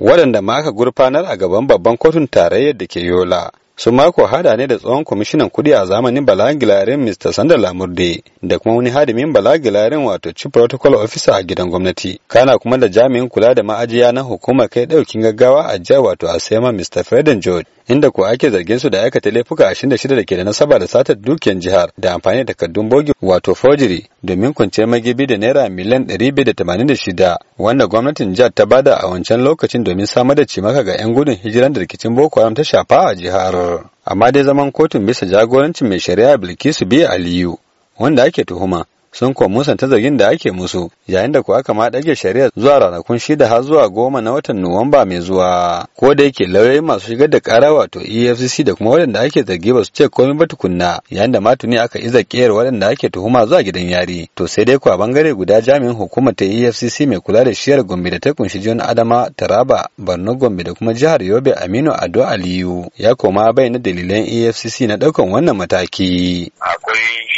waɗanda ma aka gurfanar a gaban babban kotun tarayyar da ke yola su mako hada ne da tsohon kwamishinan kudi a zamanin balagilarin mr sanda lamurde da kuma wani hadimin balagilarin wato chief protocol officer a gidan gwamnati kana kuma da jami'in kula da ma'ajiya na hukumar kai ɗaukin gaggawa a jiya wato a sema mr freden george inda ko ake zargin su da aikata laifuka 26 da ke da nasaba da satar dukiyan jihar da amfani da takardun bogi wato forgery domin kwanciyar magibi da naira miliyan shida, wanda gwamnatin jihar ta bada a wancan lokacin domin samar da cimaka ga 'yan gudun hijiran da rikicin boko haram ta shafa a jihar amma dai zaman kotun bisa jagorancin mai shari'a bilkisu biya aliyu wanda ake tuhuma sun kuwa musanta zargin da ake musu yayin da kuwa aka ma ɗage shari'a zuwa ranakun shida har zuwa goma na watan nuwamba mai zuwa ko da yake lauyoyi masu shigar da ƙara wato efcc da kuma waɗanda ake zargi ba su ce komai ba tukunna yayin da ma tuni aka iza ƙiyar waɗanda ake tuhuma zuwa gidan yari to sai dai kuwa bangare guda jami'in hukumar ta efcc mai kula da shiyar gombe da ta kunshi john adama taraba borno gombe da kuma jihar yobe aminu ado aliyu ya koma bayyana dalilan efcc na ɗaukan wannan mataki akwai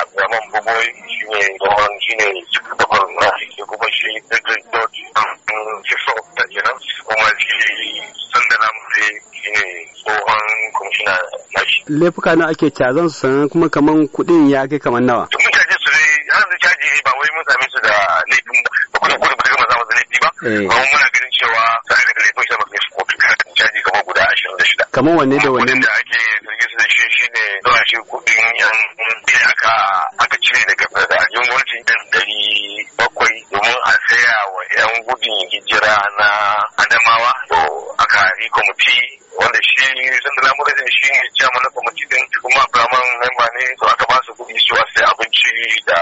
abdulrahman bugoyi shi ne gwamnan shi ne shugaban na shi kuma shi edwin george fifo um, da kenan kuma shi sanda namure shi ne tsohon kwamishina na shi laifuka na ake cazan su sannan kuma kaman kuɗin ya kai kaman nawa mun caje su dai har su caji ba wai mun same su da laifin ba kuma kuma ba kuma samu da laifi ba kuma eh. muna ganin cewa sai da laifin shi ba ne su kotu caji kamar guda ashirin 26 kamar wanne da wanne da ake zuwa shi kudin yan bin aka aka cire daga fadajin gwamnati ɗan ɗari bakwai domin a saya wa yan gudun hijira na adamawa to aka yi kwamiti wanda shi ne sun da lamurin shi ne jami'an kwamiti din kuma abdulrahman memba ne to aka ba su kuɗi su a sai abinci da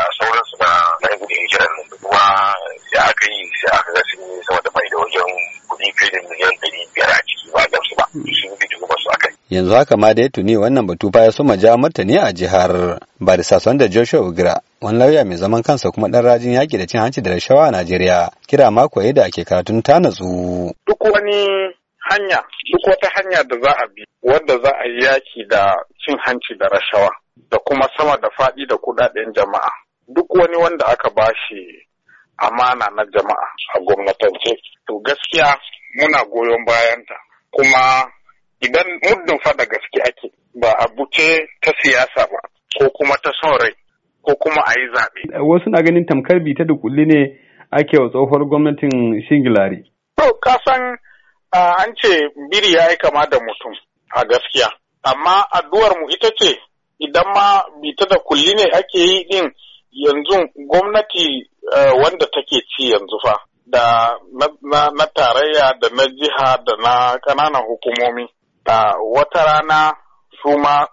yanzu haka ma da ya tuni wannan batu fa ya soma jawo martani a jihar barisa son da joshua ugira wani lauya mai zaman kansa kuma dan rajin yaki da cin hanci da rashawa a najeriya kira mako yadda ake karatun ta natsu duk wani hanya duk wata hanya da za a bi wadda za a yi yaki da cin hanci da rashawa da kuma sama da faɗi da kuɗaɗen jama'a duk wani wanda aka bashi amana na jama'a a gwamnatance to gaskiya muna goyon bayanta kuma idan muddin fa da gaske ake ba a buce ta siyasa ba ko kuma ta son rai ko kuma a yi zaɓe. Wasu na ganin tamkar bita da kulli ne ake wa tsohuwar gwamnatin Shingilari. To, ka san an ce biri ya yi kama da mutum a gaskiya. Amma addu'ar mu ita ce idan ma bita da kulli ne ake yi din yanzu gwamnati wanda take ci yanzu fa da na tarayya da na jiha da na ƙananan hukumomi. wata rana su ma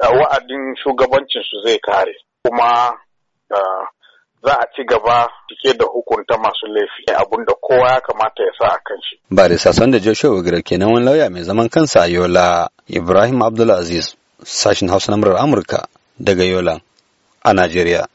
wa'adin shugabancinsu zai kare kuma za a ci gaba cike da hukunta masu laifi abin da kowa ya kamata ya sa a kan shi. sasan da Joshua Gira kenan wani lauya mai zaman kansa a Yola Ibrahim Abdulaziz sashin Hausa na Amurka daga Yola a Najeriya.